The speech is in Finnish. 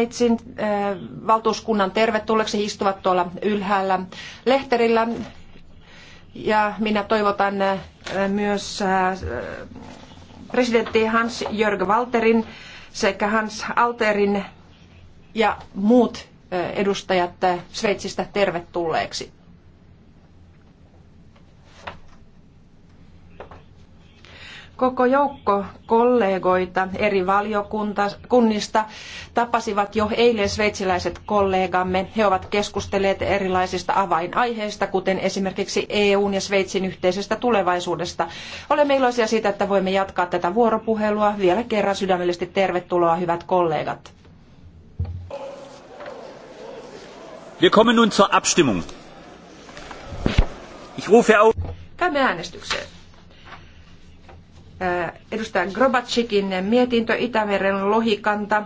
Sveitsin valtuuskunnan tervetulleeksi. He istuvat tuolla ylhäällä lehterillä. Ja minä toivotan myös presidentti Hans-Jörg Walterin sekä Hans Alterin ja muut edustajat Sveitsistä tervetulleeksi. koko joukko kollegoita eri valiokunnista tapasivat jo eilen sveitsiläiset kollegamme. He ovat keskustelleet erilaisista avainaiheista, kuten esimerkiksi EUn ja Sveitsin yhteisestä tulevaisuudesta. Olemme iloisia siitä, että voimme jatkaa tätä vuoropuhelua. Vielä kerran sydämellisesti tervetuloa, hyvät kollegat. Wir kommen nun zur Abstimmung. Ich rufe auf. Käymme äänestykseen. Äh, edustaja Grobatsikin mietintö Itämeren lohikanta